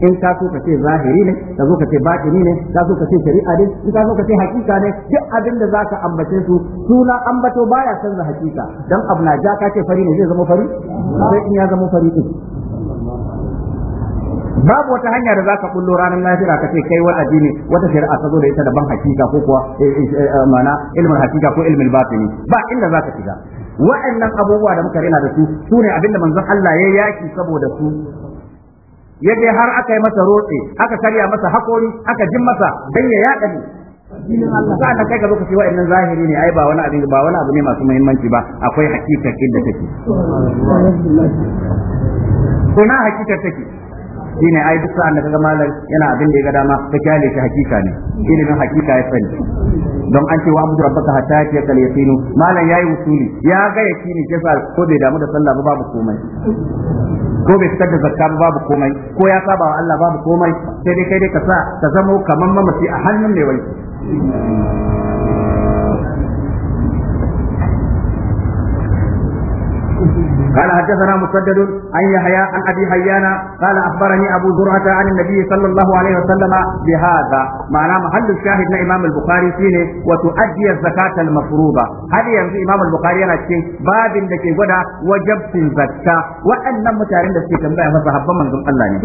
in ka so ka ce zahiri ne ka zo ka ce batini ne ka so ka ce shari'a ne in ka so ka ce hakika ne duk abin da zaka ambace su suna ambato baya canza hakika dan abu na ja ka ce fari ne zai zama fari sai in ya zama fari din babu wata hanya da zaka kullo ranar lafiya ka ce kai wani addini wata shari'a ta zo da ita daban hakika ko kuwa eh, eh, eh, mana ilmin hakika ko ilmin batini ba inda zaka shiga wa'annan abubuwa da muka rena da su su ne abinda manzon Allah ya yaki saboda su ya je har aka yi masa rotse aka karya masa hakori aka jin masa dan ya yaɗa ne za a kai ga lokaci wa'annan zahiri ne ai ba wani abin ba wani abu ne masu muhimmanci ba akwai hakikar inda take to na hakikar take shine ai duk sa'an da kaga malam yana abin da ya ga dama ta kyale shi hakika ne ilimin hakika ya sani don an ce wa abu rabbaka hatta ya kal yaqinu malam yayi usuli ya ga ke sa ko bai damu da sallah ba babu komai ko bai fitar da zakka ba babu komai ko ya saba wa Allah babu komai sai dai kai dai ka sa ka zamo kaman mamaci a hannun mai wani قال حدثنا مسدد عن يحيى عن ابي حيان قال اخبرني ابو زرعه عن النبي صلى الله عليه وسلم بهذا معنى محل الشاهد لامام البخاري فيه وتؤدي الزكاه المفروضه هذه يمشي امام البخاري انا cikin babin da ke gwada wajabcin zakka waɗannan mutanen da suke tambaya masa habban manzon Allah ne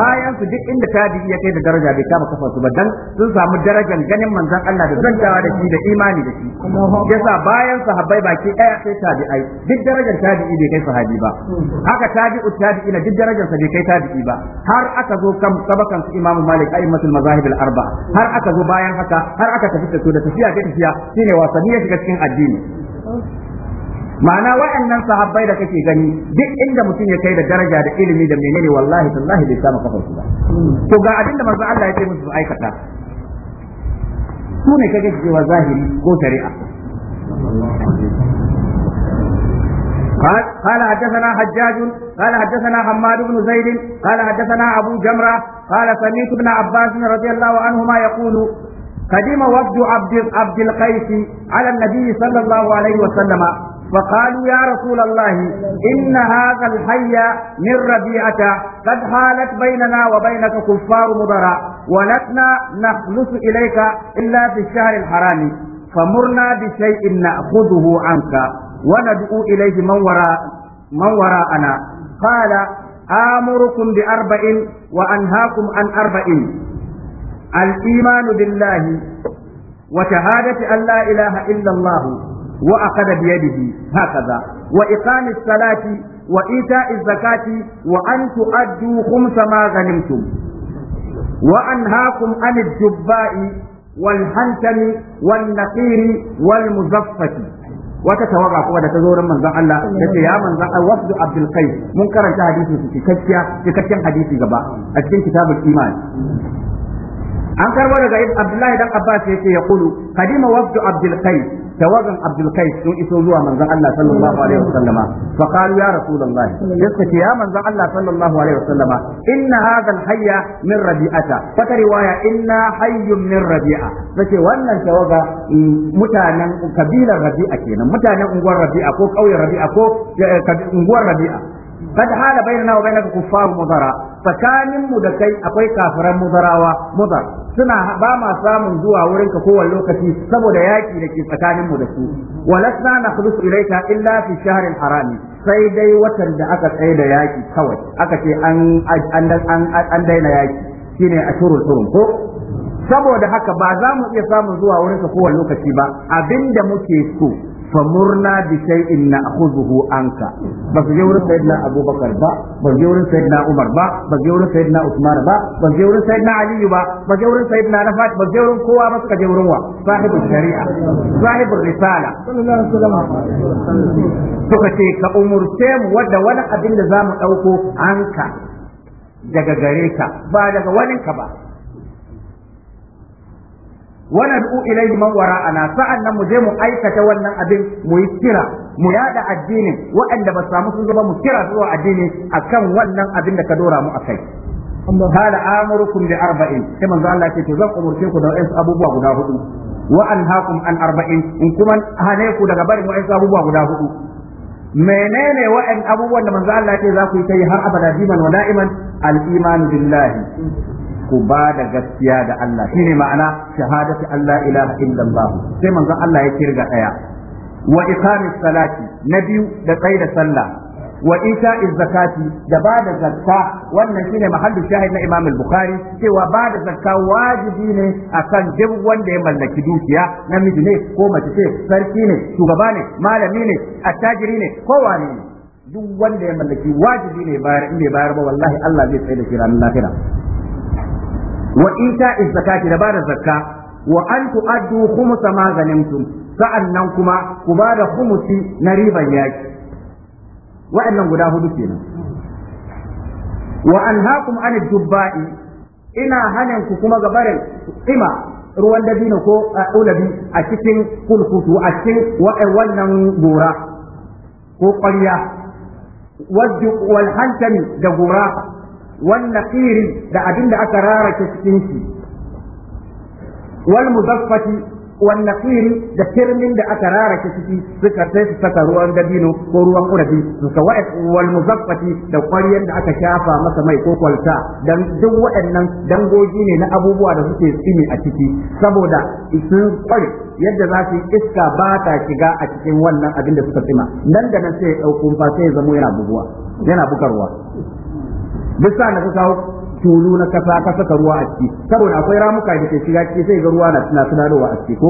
bayan su duk inda tabi'i ya kai da daraja bai kama kafa su ba dan sun samu darajar ganin manzon Allah da zantawa da shi da imani da shi yasa bayan sahabbai baki ɗaya sai tabi'ai duk darajar tabi'i bai kai sahabi ba haka tabi'u na duk darajar sa bai kai tabi'i ba har aka zo kan sabakan su imamu malik a'immatul mazahib al arba har aka zo bayan haka har aka tafi da su da tafiya da tafiya shine wasanni ya shiga cikin addini ma'ana wa'annan sahabbai da kake gani duk inda mutum ya kai da daraja da ilimi da menene wallahi tallahi bai samu kafar su ba to ga abinda manzo Allah ya ce musu aikata su ne kake cewa zahiri ko shari'a قال قال حدثنا حجاج قال حدثنا حماد بن زيد قال حدثنا أبو جمرة قال سمعت ابن عباس رضي الله عنهما يقول قدم وفد عبد عبد القيس على النبي صلى الله عليه وسلم فقالوا يا رسول الله إن هذا الحي من ربيعة قد حالت بيننا وبينك كفار مضرع ولسنا نخلص إليك إلا في الشهر الحرام فمرنا بشيء نأخذه عنك وندعو إليه من وراء من وراءنا قال آمركم بأربع وأنهاكم عن أربع الإيمان بالله وشهادة أن لا إله إلا الله وأخذ بيده هكذا وإقام الصلاة وإيتاء الزكاة وأن تؤدوا خمس ما غنمتم وأنهاكم عن الجباء والهنتم والنقير والمزفة wata tawaga kuma da ta zo ran manzon Allah da ce ya manzon Allah wasdu Abdul Qais mun karanta hadisin su cikakkiya cikakken hadisi gaba a cikin kitabul iman an karbo daga Abdullahi dan Abbas yace ya kulu kadima wasdu Abdul Qais tawagan abdul kai sun iso zuwa manzon Allah sallallahu alaihi wasallama fa qalu ya rasulullahi yaskace ya manzon Allah sallallahu alaihi wasallama inna hadha hayya min rabi'ata wata riwaya inna hayyun min rabi'a sace wannan tawaga mm, mutanen kabilar rabi'a kenan mutanen unguwar rabi'a ko kauyen rabi'a ko eh, unguwar rabi'a قد حال بيننا وبينك كفار مضرا فكان مدكي أقوي كافرا مضراوا مضر سنا باما سامن زوا ورنك قوة da سبو دياكي لكي فكان مدكي ولسنا نخلص إليك إلا في الشهر الحرام sai dai watan da aka tsaye da yaki kawai aka ce an daina yaki shine a shurul hurum ko saboda haka ba za mu iya samun zuwa wurin ka lokaci ba abinda muke so famurna bi shay'in na'khudhuhu anka ba su je wurin sayyidina abubakar ba ba su je wurin umar ba ba su je wurin usman ba ba su je wurin sayyidina ba ba su je wurin sayyidina rafat ba su kowa ba suka je shari'a risala suka ce ka umarce mu wadda wani abin da zamu ɗauko hanka daga gare ka ba daga wani ka ba wannan du'u ilaihi man wara'ana sa'an nan mu je mu aikata wannan abin mu yi kira mu yaɗa addinin waɗanda ba samu sun zama mu kira su zuwa addini kan wannan abin da ka dora mu akai قال آمركم بأربعين كما قال الله كي زن أمركم دا إنس أبو بوا غدا هدو وأنهاكم عن أربعين إن كما هنيكو دا غبار وإنس أبو بوا غدا هدو menene wa'an abubuwan da manzo Allah ya za ku yi ta yi har abada diman wa da'iman al-iman billahi ku ba da gaskiya da Allah shine ma'ana shahadatu Allah ilaha illallah sai manzon Allah ya kirga daya wa iqamis salati na biyu da tsayi da sallah wa isha zakati da ba da zakka wannan shine mahallu shahid na Imam al-Bukhari cewa ba da zakka wajibi ne akan duk wanda ya mallaki dukiya namiji ne ko mace ce sarki ne shugaba ne malami ne attajiri ne kowa ne duk wanda ya mallaki wajibi ne bayar in bai bayar ba wallahi Allah zai tsaye da shi ranar lahira wa ita zakati da bada zakka wa an tu'addu khumus ma ganimtum kuma ku ba da khumusi na riban yaki Waɗannan guda hudu kenan wa anhaakum anid dubba'i ina hanan ku kuma gabarin ima ruwan dabino ko ulabi a cikin kulkutu a cikin wannan gora ko ƙwarya wal hantami da gora wan naqiri da abin da aka rarake cikin shi wal muzaffati wan naqiri da firmin da aka rarake ciki suka sai su saka ruwan dabino ko ruwan kurabi su ka wal da ƙwaryen da aka shafa masa mai ko kwalta dan duk waɗannan dangogi ne na abubuwa da suke tsini a ciki saboda sun ƙware yadda za su iska ba ta shiga a cikin wannan abin da suka tsima nan da nan sai ya ɗauko fa sai ya zamo yana yana bugarwa duk sa da kawo tulu na kasa ka saka ruwa a ciki saboda akwai ramuka da ke shiga ciki sai ga ruwa na suna tunanowa a ciki ko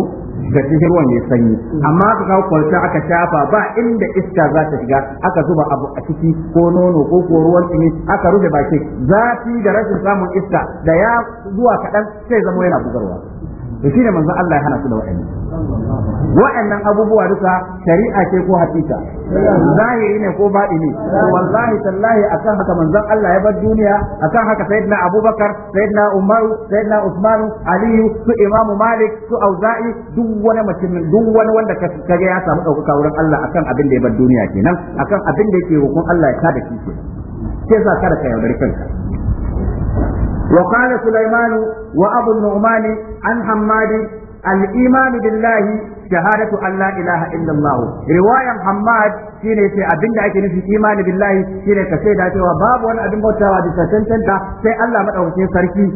da cikin ruwan ya sanyi amma aka kawo kwalta aka shafa ba inda iska za ta shiga aka zuba abu a ciki ko nono ko ko ruwan tsini aka rufe bakin zafi da rashin samun iska da ya zuwa kaɗan sai zama yana bugarwa to shine manzo Allah ya hana su da waɗannan waɗannan abubuwa duka shari'a ce ko hakika zahiri ne ko baɗi ne wallahi tallahi akan haka manzon Allah ya bar duniya akan haka sayyidina Abubakar sayyidina Umar sayyidina Usman Ali su Imam Malik su Auza'i duk wani mutum duk wani wanda kaga ya samu ɗaukaka wurin Allah akan abin da ya bar duniya kenan akan abin da yake hukun Allah ya kada shi kenan sai sa kada ka yaudari kanka وقال سليمان وأبو النعمان عن حماد الإيمان بالله شهادة أن لا إله إلا الله رواية حماد shine sai abin da ake nufi imani billahi shine ka sai da cewa babu wani abin bautawa da cancanta sai Allah madaukakin sarki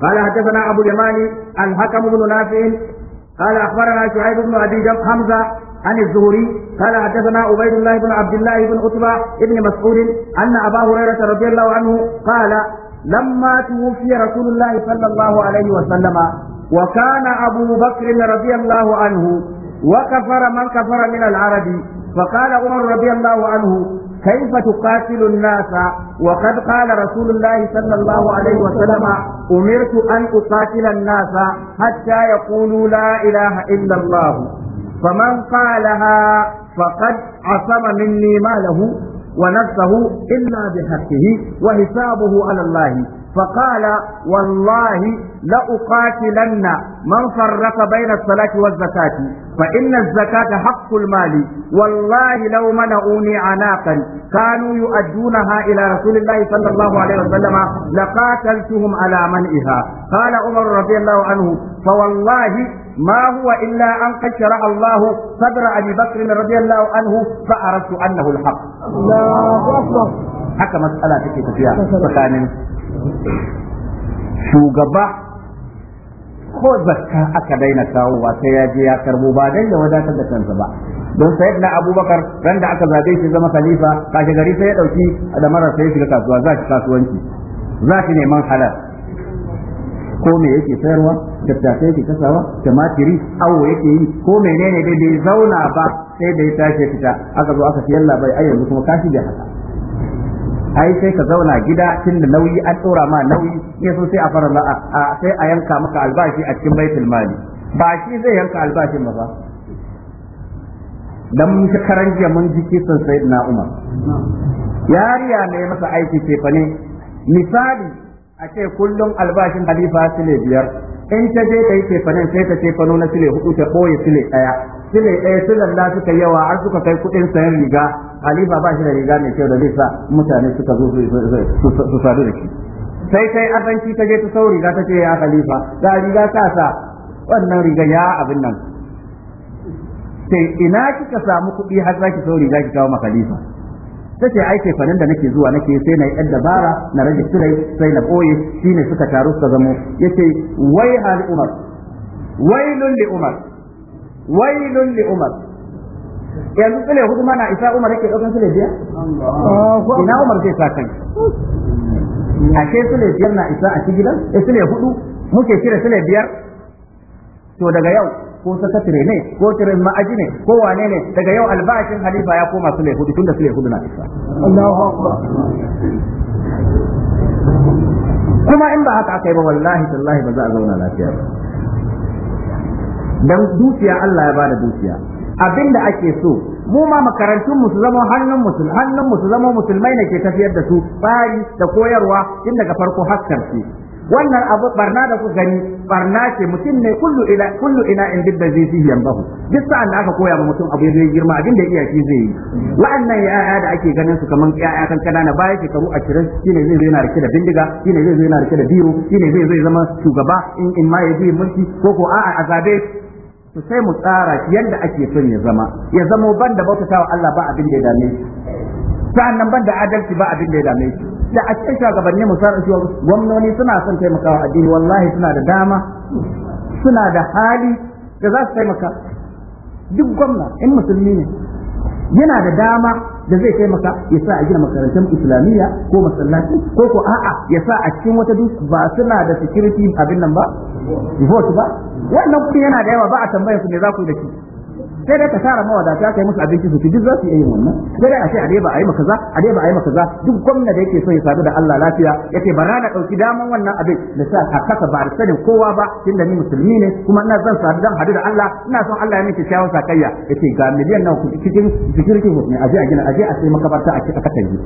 قال حدثنا أبو اليماني الحكم بن نافع قال أخبرنا شعيب بن أبي جم حمزة عن الزهري قال حدثنا عبيد الله بن عبد الله بن عتبة بن مسعود أن أبا هريرة رضي الله عنه قال لما توفي رسول الله صلى الله عليه وسلم وكان أبو بكر رضي الله عنه وكفر من كفر من العرب فقال عمر رضي الله عنه كيف تقاتل الناس وقد قال رسول الله صلى الله عليه وسلم أمرت أن أقاتل الناس حتى يقولوا لا إله إلا الله فمن قالها فقد عصم مني ماله ونفسه إلا بحقه وحسابه على الله فقال والله لأقاتلن من فرق بين الصلاة والزكاة فإن الزكاة حق المال والله لو منعوني عناقا كانوا يؤدونها إلى رسول الله صلى الله عليه وسلم لقاتلتهم على منعها قال عمر رضي الله عنه فوالله ما wa illa an قد شرع sadra, صدر أبي بكر رضي الله عنه فعرفت أنه الحق الله haka matsala take tafiya tsakanin shugaba ko zakka aka daina kawowa sai ya je ya karbo ba dan ya wadatar da kansa ba don sayar na abubakar ran da aka zabe shi zama khalifa kashe gari sai ya dauki da marar sai ya shiga kasuwa za shi kasuwanci za shi neman halar. ko me yake sayarwa tattafe yake kasawa tamatiri awo yake yi ko menene dai bai zauna ba sai da ya tashi fita aka zo aka siyar labai ai yanzu kuma kashi da haka ai sai ka zauna gida tun da nauyi an ɗora ma nauyi ya so sai a fara la'a sai a yanka maka albashi a cikin baitul mali ba shi zai yanka albashin ba dan shekaran jiya mun ji kisan sayyidina umar yariya ne masa aiki ce fa ne misali a ce kullum albashin halifa sile biyar in ta je ta yi cefanen sai ta cefano na sile hudu ta ɓoye sile ɗaya sile ɗaya su lalla suka yawa har suka kai kuɗin sayan riga halifa ba shi da riga mai kyau da zai sa mutane suka zo su sadu da shi sai kai azanci ta je ta sau riga ta ce ya halifa ga riga ta sa wannan riga ya abin nan sai ina kika samu kuɗi har za ki sau riga ki kawo ma halifa tace ai ke fanin da nake zuwa nake sai na yadda dabara na rage turai sai na boye shine suka taru suka zamo yace wai hal umar wailun li umar wailun li umar yanzu tsile hudu mana isa umar yake daukan tsile biya ina umar zai sa kai ashe tsile biyar na isa a cikin gidan eh, tsile hudu muke kira tsile biyar to daga yau ko sakatare ne ko tirin ma'aji ne ko wane ne daga yau albashin halifa ya koma su hudu da su hudu na isa kuma in ba haka aka yi ba wallahi tallahi ba za a zauna lafiya ba dan dukiya Allah ya bada dukiya abinda ake so mu ma makarantun mu su zama hannun musul hannun mu su zama musulmai ne ke tafiyar da su bari da koyarwa tun daga farko har karshe wannan abu barna da ku gani barna ce mutum ne kullu ila kullu ina in da zai fi yambahu duk sa'an da aka koya ma mutum abu ya girma abin da iya shi zai yi wa'annan ya'ya da ake ganin su kamar ya'ya kan na baya shekaru 20 ne zai zai na rike da bindiga shi ne zai zai na rike da biro ne zai zai zama shugaba in in ma ya mulki ko ko a azabe to sai mu tsara shi yadda ake son ya zama ya zama banda bautatawa Allah ba abin da ya dame shi sa'an nan banda adalci ba abin da ya dame shi da a cikin shugabanni musamman cewa gwamnoni suna son taimakawa addini wallahi suna da dama suna da hali da za su taimaka duk gwamna in musulmi ne yana da dama da zai taimaka ya sa a gina makarantar islamiyya ko masallaci ko ko a'a ya sa a cikin wata duk ba suna da security abin nan ba vote ba wannan kuɗi yana da yawa ba a tambayar su ne za ku yi da shi sai dai ka tara mawadata kai musu abinci su duk za su yi wannan sai dai a ce a dai ba a yi maka za a dai ba a yi maka za duk gwamna da yake so ya sadu da Allah lafiya yace bara na dauki daman wannan abin da sa a kasa ba da sanin kowa ba tunda ni musulmi ne kuma ina zan sadu dan hadu da Allah ina son Allah ya miki kyawun sakayya yace ga miliyan nawa kuɗi cikin security house ne aje a gina aje a sai makabarta a kasa yi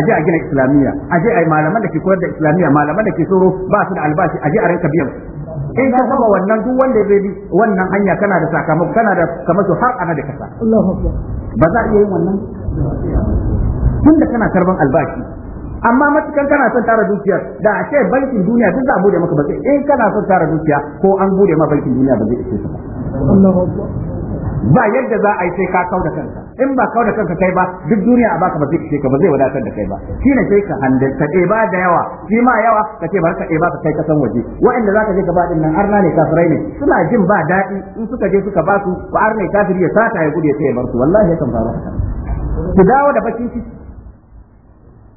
aje a gina islamiyya aje a malaman da ke koyar da islamiyya malaman da ke tsoro ba su da albashi aje a ranka biyan in ka saba wannan duk wanda zai bi wannan hanya kana da sakamako kana da kamar har ana da kasa ba za a iya yin wannan tun da kana karban albashi amma matukan kana son tara dukiyar da a ce bankin duniya duk za a bude maka ba in kana son tara dukiya ko an bude ma bankin duniya ba zai ishe ka ba ba yadda za a yi sai ka kau da kanka in ba kau da kanka kai ba duk duniya a baka ba zai ce ka ba zai wadatar da kai ba shi ne sai ka handanta ka ɗeba da yawa shi ma yawa ka ce bar ka ɗeba ka kai kasan waje wa'anda ka je gaba din nan arna ne kafirai ne suna jin ba daɗi in suka je suka ba su ko arna kafiri ya sata ya gudu ya sai ya bar su wallahi ya kan faru ku dawo da bakin ciki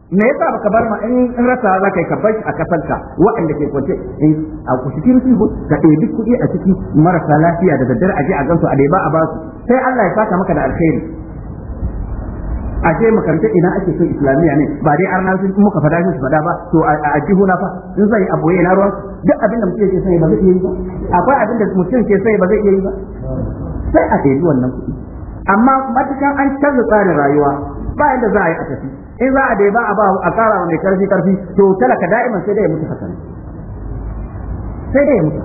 me yasa baka bar ma in rasa za ka yi shi a kasanka waɗanda ke kwance eh, a kusurki rufi ka ɗebi kuɗi a ciki marasa lafiya da daddare a je a gansu a ɗeba a basu sai Allah ya saka maka da alkhairi a ce makaranta ina ake so islamiyya ne ba dai arna sun muka fada shi su fada ba to a ajihu na fa in zai a na ruwan duk abin da mutum ke sai ba zai iya yi ba akwai abin da mutum ke sai ba zai iya yi ba sai a ɗebi wannan kuɗi amma matukan an canza tsarin rayuwa ba inda za a yi a tafi in za a dai ba a ba a kara mai karfi karfi to talaka da'iman sai dai ya mutu haka sai dai ya mutu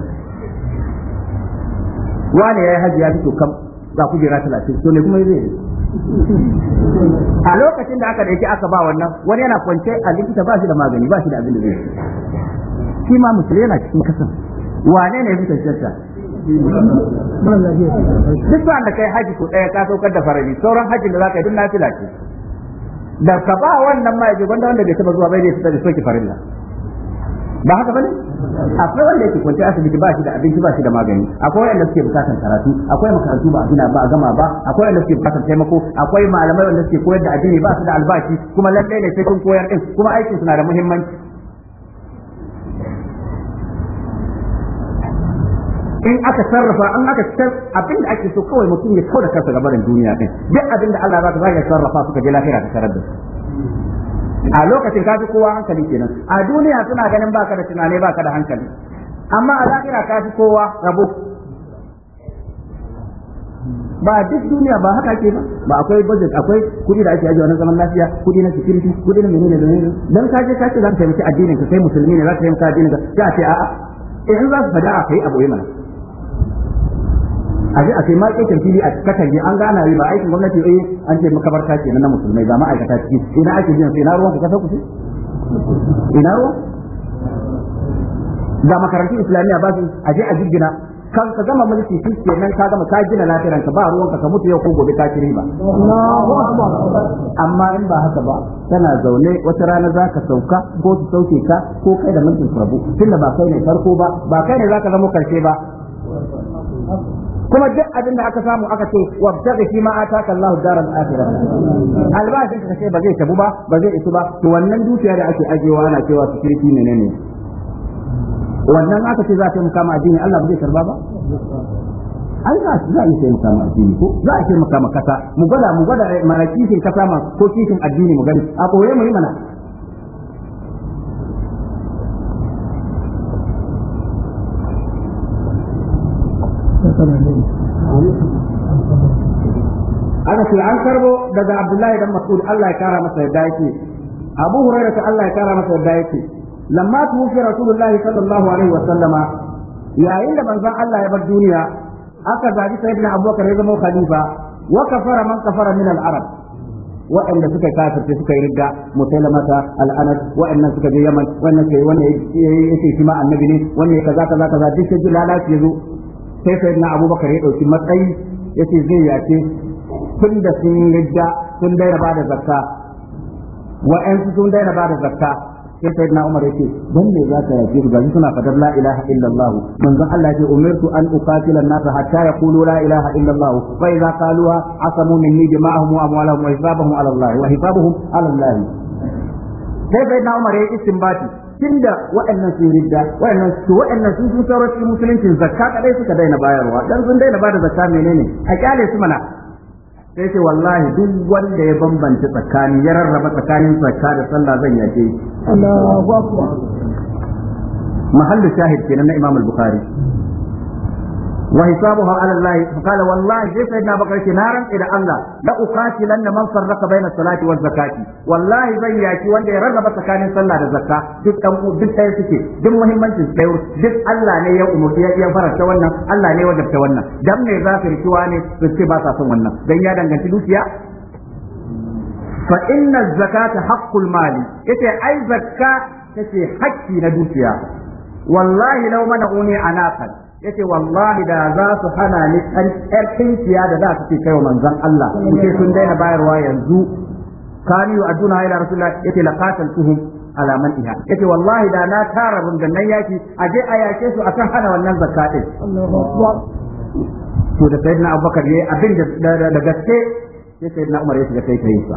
wani yayi haji ya fito kam za ku jira talatin? to ne kuma zai a lokacin da aka dauki aka ba wannan wani yana kwance a likita ba shi da magani ba shi da abin da zai shi ma musulmi yana cikin kasan wane ne ya fi tantance duk da kai haji ko ɗaya ka saukar da farari, sauran hajjin da za ka yi duk nafila ce da ka ba wannan ma yaje da wanda bai taba zuwa bai ne sai soki farilla ba haka bane akwai wanda yake kwanci asibiti ba shi da abinci ba shi da magani akwai wanda suke bukatar karatu akwai makarantu ba gina ba a gama ba akwai wanda suke bukatar taimako akwai malamai wanda suke koyar da addini ba su da albashi kuma lalle ne sai kun koyar din kuma aikin suna da muhimmanci in aka sarrafa an aka san abin da ake so kawai mutum ya kauda kansa gabarin duniya din duk abin da Allah ya ta ya sarrafa suka je lafiya da tarar da a lokacin kafi kowa hankali kenan a duniya suna ganin baka da tunani baka da hankali amma a lahira kafi kowa rabo ba duk duniya ba haka ke ba ba akwai budget akwai kudi da ake ajiye wannan zaman lafiya kudi na security kudi na menene da menene dan ka je ka ce za ka taimaki addinin ka kai musulmi ne za ka taimaka addinin ka sai a ce a'a eh, in za su fada a kai abu mana a ji a kai fili a katange an gana yi ba aikin gwamnati eh an ce makabarta ke na musulmai ba ma'aikata ciki ina ake jin sai Ina ruwan ku kasa ku ce ina ruwa ga makarantun islamiyya ba su a a jirgina kan ka zama mulki shi nan ka gama ka gina lafiyar ba ruwanka ka mutu yau ko gobe ka kiri ba amma in ba haka ba tana zaune wata rana za ka sauka ko su sauke ka ko kai da mulkin rabu tunda ba kai ne farko ba ba kai ne za ka zama karshe ba kuma duk abin da aka samu aka ce wa wabtaghi fi ma ataka Allahu daral akhirah albashin ka ce ba zai tabu ba ba zai isu ba to wannan dukiya da ake ajewa ana cewa security menene wannan aka ce za ta muka ma addini Allah ba zai karba ba an za su za a yi muka ma addini ko za a ce muka ma kasa mu gwada mu gwada eh, mana kishin kasa ma ko kifin addini mu gani a koye mu yi mana yace an karbo daga Abdullahi dan Mas'ud Allah ya kara masa yadda yake Abu ta Allah ya kara masa yadda yake lamma tuwfi Rasulullahi sallallahu alaihi wa sallama yayin da manzon Allah ya bar duniya aka zabi sayyidina Abubakar ya zama khalifa wa kafara man kafara min al-arab waɗanda suka kafirce suka yi rigga musailamata al'anas waɗannan suka je yaman wannan sai wannan yake shi ma annabi ne wannan kaza kaza kaza duk sai lalaci yazo sai sayyidina Abubakar ya dauki matsayi yace zai yace tun da sun ridda sun daina ba da zakka wa'ansu sun daina ba da zakka sai sayyidina Umar yake dan me za ka yafi gaji suna fadar la ilaha illallah manzon Allah ya umirtu an uqatila an-nas hatta yaqulu la ilaha illallah fa idza qaluha asamu minni dima'ahum wa amwalahum wa hisabahum ala Allah wa hisabuhum ala Allah sai sayyidina Umar ya istinbati tunda waɗannan sun ridda waɗannan su waɗannan sun sun sauran cikin musulunci zakka kadai suka daina bayarwa dan sun daina bada zakka menene a kyale su mana sai ce wallahi duk wanda ya bambanta tsakani ya rarraba tsakanin zakka da sallah zan yake Allahu akbar mahallu shahid kenan na Imam al-Bukhari وحسابها على الله فقال والله جيف سيدنا بكر نارا إلى الله لا أقاتلن من فرق بين الصلاة والزكاة والله زي ياكي وان دي رغب سكان صلاة الزكاة دك تنقو دك تيسكي دم مهمان تسكيور دك الله ني يوم يفرق تونا الله ني وجب تونا دم ني ذاكر تواني تسكي باسا تونا دن يادن جنتي دوسيا فإن الزكاة حق المال إتي أي زكاة تتي حكي ندوسيا والله لو منعوني عناقا yace wallahi da za su hana ni ɗan kinciya da za su ce kai wa manzon Allah kuke sun daina bayarwa yanzu kaniyu aduna ila rasulullah yace laqataltuhum ala man iha yace wallahi da na tara rundunan yaki aje a yake su akan hana wannan zakka din to da sayyidina abubakar yayi abin da gaske sai sayyidina umar ya shiga kai kai sa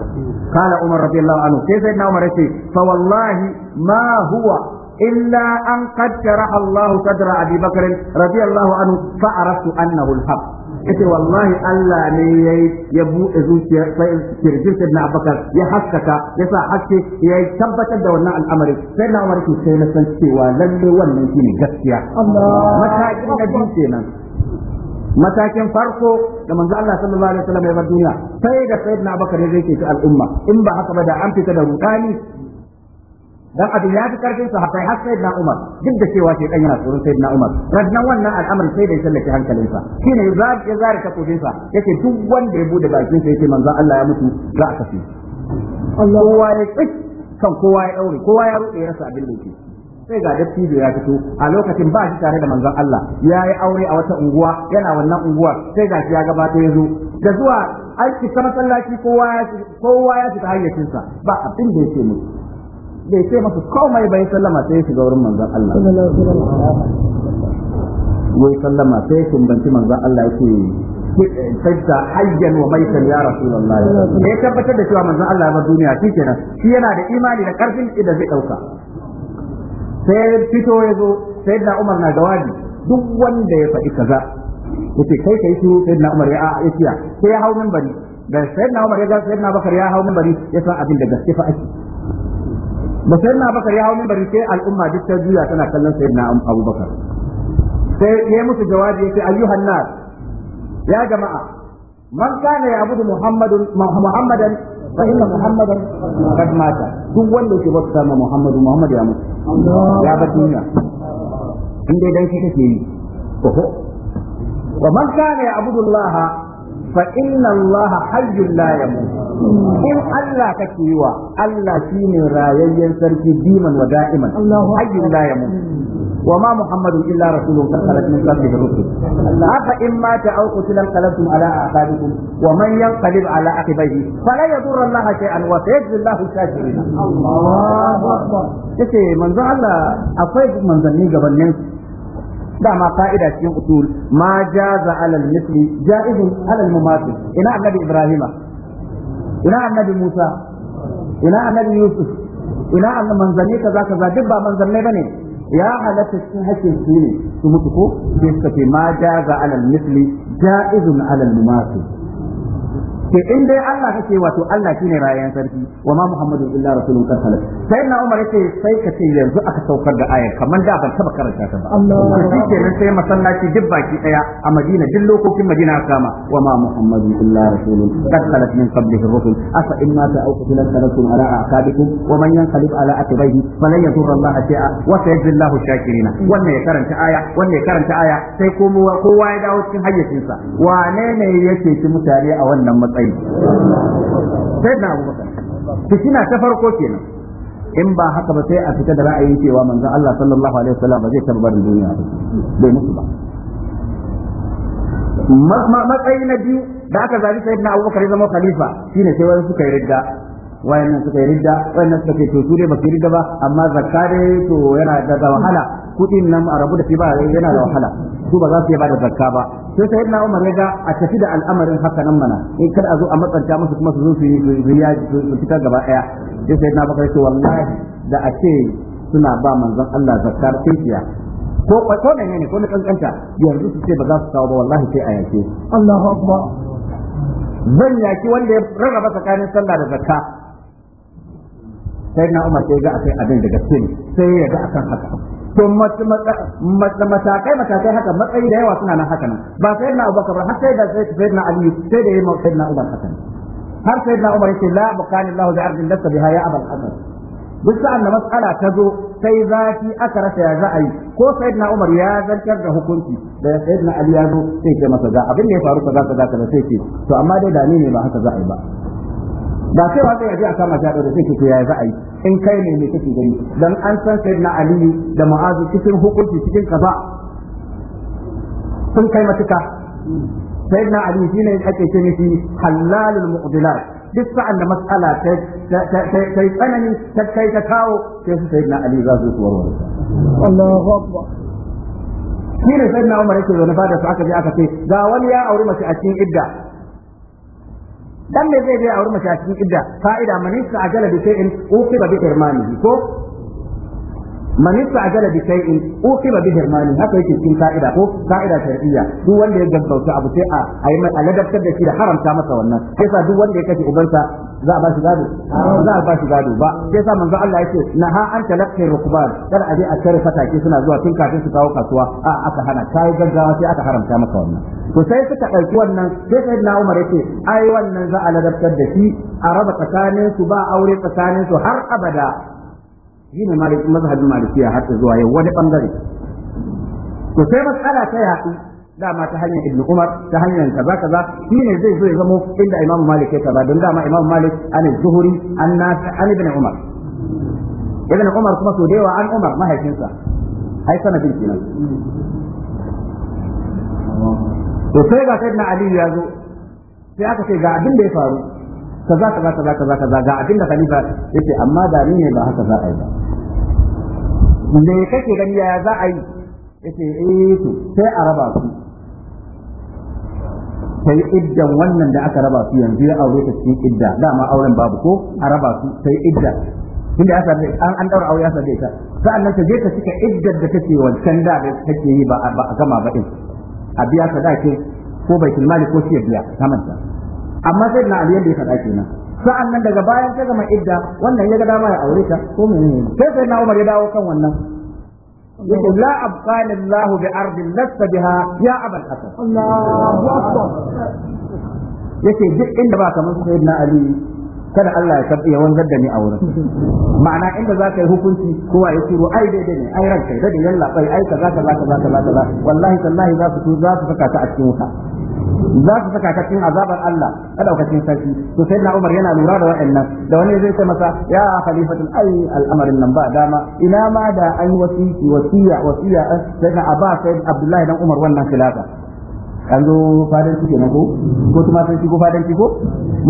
kana umar radiyallahu anhu sai sayyidina umar ya ce fa wallahi ma huwa إلا أن قد شرح الله صدر أبي بكر رضي الله عنه فعرفت أنه الحق yace wallahi Allah ne yayi ya buɗe zuciya sai kirjin na Abubakar ya haskaka ya sa haske ya tabbatar da wannan al'amari sai na Umar sai na san cewa lalle wannan shine gaskiya matakin da biyu kenan matakin farko da manzo Allah sallallahu alaihi wasallam ya bar duniya sai da na Abubakar ya zai ta al'umma in ba haka ba da an fita da rudani dan abin ya fi karfin su hatta har sayyidina Umar duk da cewa shi dan yana tsoron sayyidina Umar rannan wannan al'amarin sai da ya sallake hankalinsa shine ya zare sa, yace duk wanda ya bude bakin sa yace manzon Allah ya mutu za a kafi kowa ya tsik kan kowa ya daure kowa ya rufe ya rasa abin da yake sai ga da ya fito a lokacin ba shi tare da manzon Allah ya yi aure a wata unguwa yana wannan unguwa sai ga shi ya gabata ya zo da zuwa aiki ta masallaci kowa ya kowa ya fita hayyacinsa ba abin da yake mutu bai ce masa komai bai sallama sai shiga wurin manzon Allah wai sallama sai ya banci manzon Allah yake sajda hayyan wa maitan ya rasulullah ne ya tabbatar da cewa manzon Allah ba duniya shi kenan shi yana da imani da karfin da zai dauka sai fito ya zo sai da Umar na gawadi duk wanda ya faɗi kaza yace kai kai shi sai da Umar ya a sai ya hau bari da sai da Umar ya ga sai da Bakar ya hau bari ya san abin da gaske fa ake ba sai na ya hau bari sai al'umma duk ta juya tana kallon sai na abubakar sai ya musu jawabi ya ce ayyuhan nas ya jama'a man kana ya muhammadan fa inna muhammadan qad mata duk wanda yake bauta ma muhammadu muhammad ya mutu ya in dai yi man fa inna Allah hayyul la yamut in Allah kake yi wa Allah shine rayayyen sarki diman wa da'iman hayyul la yamut wa ma muhammadun illa rasulun qad khalat min qablihi rusul afa in mata aw qutila qalbtum ala aqabikum wa man yanqalib ala aqibihi fala yadur Allah shay'an wa sayajzi Allah shakirin Allahu akbar yace manzo Allah akwai manzanni dama fa'ida cikin usul ma jaza alal misli jaizun alal mumathil ina annabi ibrahima ina annabi musa ina annabi yusuf ina annabi manzanni kaza kaza duk ba manzanni bane ya halatta cikin hakkin su mutu ko sai suka ce ma jaza alal yace in dai Allah kake wato Allah shine rayan sarki wa ma Muhammadun illa rasulun qad khalat sai na Umar yace sai ka ce yanzu aka saukar da ayar kamar da ban taba karanta ta ba Allah shi kenan sai masallaci duk baki daya a Madina duk lokokin Madina kama wa ma Muhammadun illa rasulun qad khalat min qablihi ar-rusul afa in mata aw qutila kalakum ala aqabikum wa man yanqalib ala atbayhi falan yadurra Allah shay'a wa sayajzillahu shakirina wannan ya karanta aya wannan ya karanta aya sai kowa ya dawo cikin hayyacinsa wane ne yake ci mutane a wannan matsayi yi sai na abubakar na ta farko kenan in ba haka ba sai a fita da ra'ayi cewa manzon Allah sallallahu alaihi wasallam ba zai taba barin duniya ba bai mutu ba matsayi na biyu da aka zabi na abubakar ya zama khalifa shine sai wani suka yi ridda wayannan suka yi ridda wayannan suka ce to su ne ba su ridda ba amma zakare to yana da wahala kudin nan a rabu da shi ba yana da wahala su ba za su yi ba da zakka ba sai sai na Umar ga a tafi da al'amarin haka nan mana in kada a zo a matsanta musu kuma su zo su yi su fitar gaba daya sai sai na Bakar ce wallahi da a ce suna ba manzon Allah zakkar tinkiya ko ko ne ko ne kankanta yanzu su ce ba za su kawo ba wallahi sai a yake Allahu akbar zan yaki wanda ya rarraba tsakanin sallah da zakka sai na Umar sai ga a kai abin da gaske ne sai ya ga akan haka to matakai matakai haka matsayi da yawa suna nan haka nan ba sai na Abubakar har sai da sai na Ali sai da yayin sai na Umar haka har sai na Umar yace la bukani Allah bi ardin lasta biha ya abul hasan duk sa'an da mas'ala ta zo sai zafi aka rasa ya za a yi ko sayyidina Umar ya zartar da hukunci da sayyidina Ali ya zo sai ce masa ga abin da ya faru kaza kaza kaza sai ce to amma dai da ne ba haka za a yi ba ba sai wa zai yaji a kama ta da sai to yaya za a yi in kai ne me kake gani dan an san sayyidina aliyu da mu'azu cikin hukunci cikin kaza sun kai matuka sayyidina aliyu ne ake ce mishi halalul muqbilat duk sa'an da mas'ala ta tsanani ta kai ta kawo sai su sayyidina aliyu za su warware Allahu akbar shi ne sai na umar yake zaune fada su aka je aka ce ga wani ya auri mace a cikin idda dan me zai je a wurin mace a cikin idda fa'ida man yasta ajala bi shay'in uqiba bi irmanihi ko man ajala bi shay'in uqiba bi irmanihi haka yake cikin fa'ida ko fa'ida shar'iyya duk wanda ya gaggauta abu sai a ayi mai aladabtar da shi da haramta masa wannan sai sa duk wanda ya kashe ubansa za a ba shi gado za a ba shi gado ba sai sa manzo Allah yace na ha an talaqqi rukban kar aje a tare fatake suna zuwa tun kafin su kawo kasuwa a aka hana kai gaggawa sai aka haramta maka wannan to sai suka dauki wannan sai sai na Umar yace ai wannan za a ladabtar da shi a raba tsakanin su ba aure tsakanin su har abada shine malik mazhabin malikiya har zuwa yau wani bangare to sai matsala ta yaɗu dama ta hanyar ibnu umar ta hanyar kaza kaza shi ne zai zo ya zamo inda imam malik ya kaza don dama imam malik an zuhuri an nafi an ibn umar ibn umar kuma so da yawa an umar mahaifinsa ai sanadin kenan to sai ga sayyidina ali ya zo sai aka ce ga abin da ya faru kaza kaza kaza kaza kaza ga abin da khalifa yace amma da ni ne ba haka za a yi ba me kake gani ya za a yi yace eh to sai a raba su ta yi iddan wannan da aka raba su yanzu ya aure ta cikin idda dama auren babu ko a raba su ta yi idda tunda ya sami an an daura aure ya same ta sa'annan ta je ta cika idda da take wancan da take yi ba a gama ba din a biya ta dace ko bai mali ko shi biya ta manta amma sai na aliyar da ya faɗa kenan sa'annan daga bayan ta gama idda wannan ya ga dama ya aure ta ko menene sai sai na Umar ya dawo kan wannan يقول لا أبقى الله بأرض لست بها يا أبا الحسن الله أكبر yake duk inda ba kamar sayyidina Ali kada Allah ya tabbi ya wanzar da ni a wurin ma'ana inda za ka yi hukunci kowa ya turo ai daidai ne ai ranka daidai yalla bai ai wallahi tallahi za su za su saka ta a cikin wuta za su saka ta cikin azabar Allah a daukacin sarki to sai na Umar yana lura da wa'annan da wani zai ce masa ya khalifatul ai al'amarin nan ba dama ina ma da an wasiya wasiya wasiya eh, sai na Abba sai Abdullahi dan Umar wannan khilafa an zo fadanci kenan ko ko kuma san shi ko fadanci ko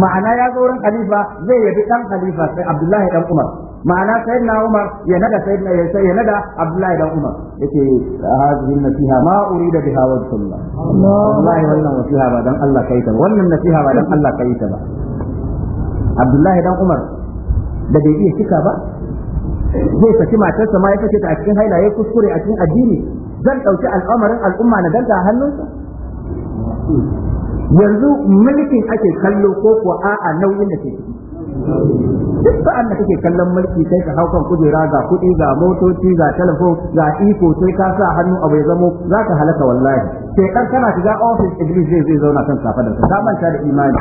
ma'ana ya zo wurin khalifa zai yabi dan khalifa sai Abdullahi dan Umar ma'ana na Umar ya nada sayyidina ya sai ya nada Abdullahi dan Umar yake hazihi nasiha ma urida biha wajhullah wallahi wannan nasiha ba dan Allah kai ta wannan nasiha ba dan Allah kai ta ba Abdullahi dan Umar da bai iya cika ba zai saki matarsa ma ya kace ta a cikin hailaye, kuskure a cikin addini zan dauki al'amarin al'umma na danta hannunsa yanzu mulkin ake kallo ko kuwa a'a nauyin da ke ciki duk sa'an da kake kallon mulki sai ka haukan kujera ga kuɗi ga motoci ga telefon ga iko sai ka sa hannu a bai zamo za ka halaka wallahi sai dan kana shiga ofis iblis zai zai zauna kan kafa da ka ta manta da imani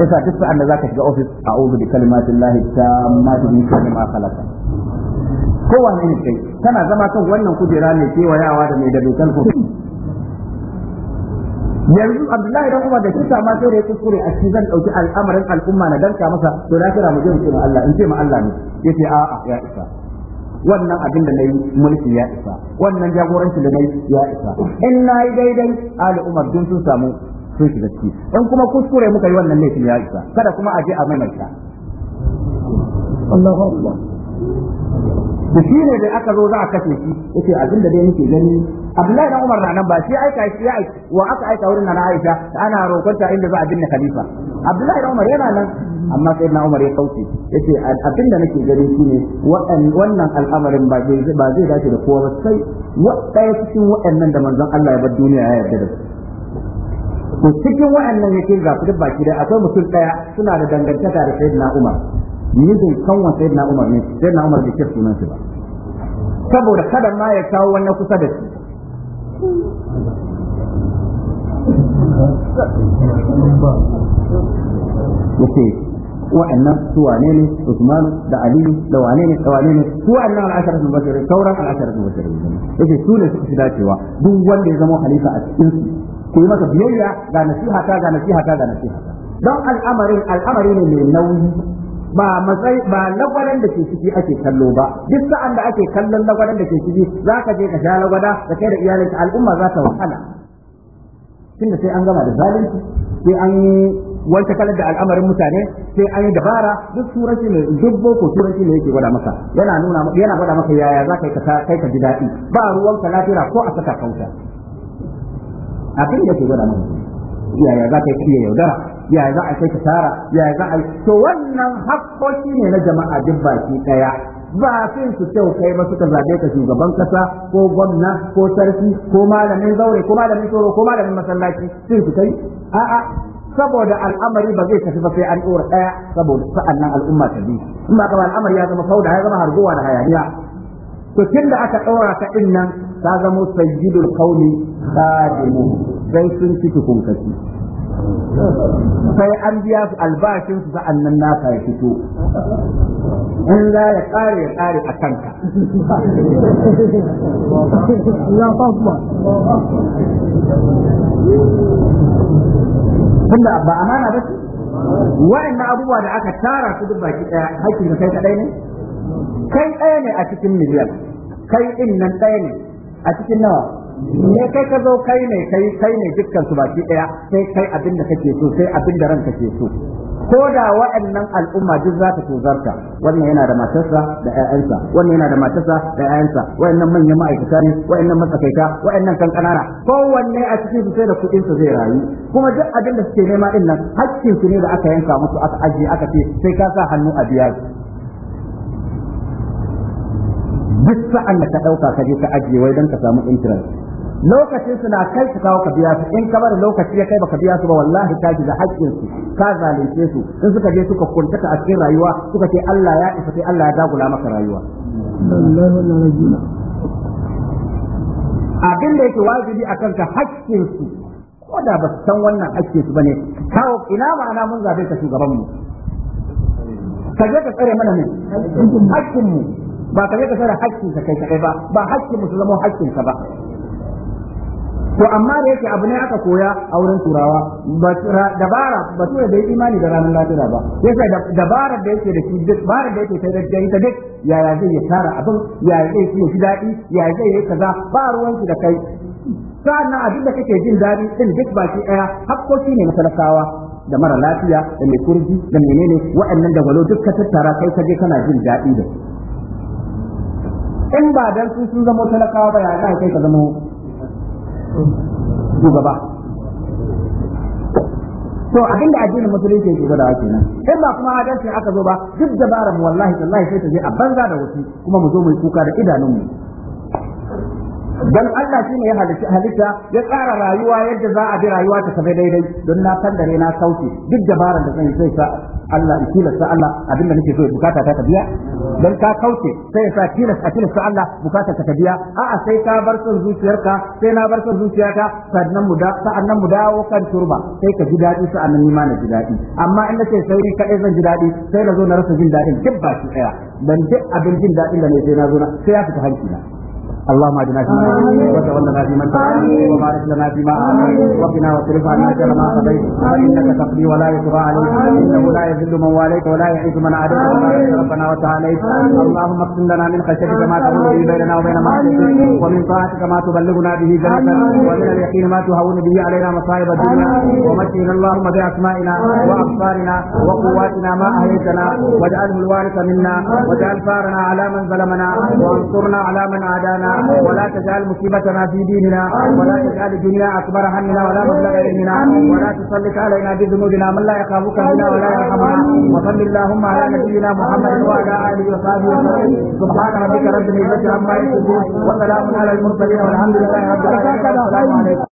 sai sa duk sa'an da za ka shiga ofis a'udhu bi ta tammati min sharri ma halaka kowanne ne kai kana zama kan wannan kujera ne kewayawa da mai da dokan kofi yanzu abdullahi dan umar da kisa ma sai da ya kuskure a cikin zan dauki al'amarin al'umma na danka masa to na kira mu je mu ce ma Allah in ce ma Allah ne yace a'a ya isa wannan abin da nayi mulki ya isa wannan jagoranci da na yi ya isa in nayi daidai ali umar dun sun samu sun shiga ciki in kuma kuskure muka yi wannan laifin ya isa kada kuma a je a maimaita Allahu Akbar da shi ne da aka zo za a kashe shi yace abin da dai muke gani Abdullahi dan Umar nan ba shi aika shi ya wa aka aika wurin nan Aisha ana ta inda za a binne khalifa Abdullahi dan Umar yana nan amma sai na Umar ya kauce yace abin da nake gani shine wannan al'amarin ba zai ba zai dace da kowa ba sai cikin waɗannan da manzon Allah ya bar duniya ya yarda da su to cikin waɗannan yake ga su duk baki dai akwai mutum daya suna da dangantaka da Sayyidina Umar mijin kanwa sai na umar ne sai na umar da ke sunan shi ba saboda kada ma ya kawo wani kusa da shi yake wa'annan su wane ne Usman da Ali da wane ne da wane ne su wa'annan al'ashara sun bashir sauran al'ashara sun bashir yake su ne suka fi dacewa duk wanda ya zama halifa a cikin su ku yi maka biyayya ga nasiha ta ga nasiha ta ga nasiha ta don al'amarin al'amari ne mai nauyi ba matsayi ba lagwadan da ke ciki ake kallo ba duk sa'an da ake kallon lagwadan da ke ciki za ka je ka sha lagwada ka kai da ka al'umma za ta wahala Tun da sai an gama da zalunci sai an wanke kalar da al'amarin mutane sai an yi dabara duk turanci ne duk boko turanci ne yake gwada maka yana nuna yana gwada maka yaya za ka yi kai ka ji daɗi ba ruwan ka lafiya ko a saka kauta abin da ke gwada maka yaya za ka yi yaudara ya za a kai ka tara ya za a to wannan hakkoki ne na jama'a duk baki daya ba fin su kyau kai ba suka zabe ka shugaban kasa ko gwamna ko sarki ko malamin zaure ko malamin tsoro ko malamin masallaci fin su kai a'a saboda al'amari ba zai tafi ba sai an dora daya saboda sa'an nan al'umma ta bi in ba kamar al'amari ya zama fauda ya zama harguwa da hayaniya to da aka ɗora ka din nan ta zama sayyidul qauli khadimu sai sun ci tukunkaci sai an biya su albashin su sa'an nan naka ya fito in za ya kare ya kare a kanka tunda ba amana ba ce na abubuwa da aka tara su duk baki daya hakkin kai kaɗai ne kai ɗaya ne a cikin miliyan kai din nan ɗaya ne a cikin nawa ne kai ka zo kai ne kai kai ne dukkan su baki daya sai kai abin da kake so sai abin da ranka ke so ko da wa'annan al'umma duk za ta tozarta wannan yana da matarsa da ƴaƴansa wannan yana da matarsa da ƴaƴansa wa'annan manyan ma'aikata ne wa'annan matsakaita wa'annan kan kanana kowanne a cikin su sai da kuɗin su zai rayu kuma duk abin da suke nema din nan hakkin su ne da aka yanka musu aka ajiye aka ce sai ka sa hannu a biya duk sa'an da ka ɗauka ka je ka ajiye wai don ka samu interest lokacin suna kai su kawo ka biya su in ka bar lokaci ya kai baka biya su ba wallahi ka ji da haƙƙin su ka zalunce su in suka je suka kuntaka a cikin rayuwa suka ce Allah ya isa sai Allah ya dagula maka rayuwa abin da yake wajibi akan ka haƙƙin su ko da ba san wannan haƙƙin su bane kawo ina ma'ana mun zabe ka shugaban mu ka je ka tsare mana ne haƙƙin mu ba ka je ka tsare haƙƙin ka kai kai ba ba haƙƙin mu su zama haƙƙin ka ba to amma da yake abu ne aka koya a wurin turawa dabara ba da imani da ranar lafiya ba yasa dabarar da yake da shi duk dabarar da yake da ita duk yaya zai yi tara abin yaya zai yi shi daɗi yaya zai yi kaza ba ruwanki da kai Sannan abin da kake jin daɗi din duk baki ɗaya hakkoki ne na talakawa da mara lafiya da mai kurji da menene wa'annan da walo duk ka tattara kai ka je kana jin daɗi da in ba dan sun zama talakawa ba ya ga kai ka zama shugaba to abin da addinin musulunci yake da kenan in ba kuma adalci aka zo ba duk mu wallahi tallahi sai ta je a banza da wasu kuma mu zo mu kuka da idanunmu don Allah shi ne ya halitta halitta ya tsara rayuwa yadda za a bi rayuwa ta tafi daidai don na kandare na sauke duk dabaran da zan yi sai sa Allah ya tilasta Allah abin da nake so bukata ta biya don ka kauce sai ya sa tilasta tilasta Allah bukata ta biya a'a sai ka bar son zuciyarka sai na bar son zuciyarka sannan mu da sa'annan mu dawo kan turba sai ka ji daɗi sa'annan ni ma na ji daɗi amma in nace sauri kaɗai zan ji daɗi sai na zo na rasa jin daɗin duk ba shi daya dan duk abin jin daɗin da ne sai na zo na sai ya fita hankali na اللهم اجعلنا في فيما وتولنا في فيما وبارك لنا فيما وقنا واصرف عنا شر ما قضيت انك تقضي ولا يقضى عليك انه لا يذل من واليت ولا يعز من عاديت وبارك ربنا وتعاليت اللهم اقسم لنا من خشيتك ما تقول به بيننا وبين معصيتك ومن طاعتك ما تبلغنا به جنتك ومن اليقين ما تهون به علينا مصائب الدنيا ومتعنا اللهم باسمائنا وابصارنا وقواتنا ما اهيتنا واجعله الوارث منا واجعل فارنا على من ظلمنا وانصرنا على من عادانا ولا تجعل مصيبتنا في ديننا ولا تجعل الدنيا أكبر همنا ولا مبلغ علمنا ولا تسلط علينا بذنوبنا من لا يخافك منا ولا يرحمنا وصل اللهم على نبينا محمد وعلى آله وصحبه وسلم سبحان ربك رب العزة عما يصفون وسلام على المرسلين والحمد لله رب العالمين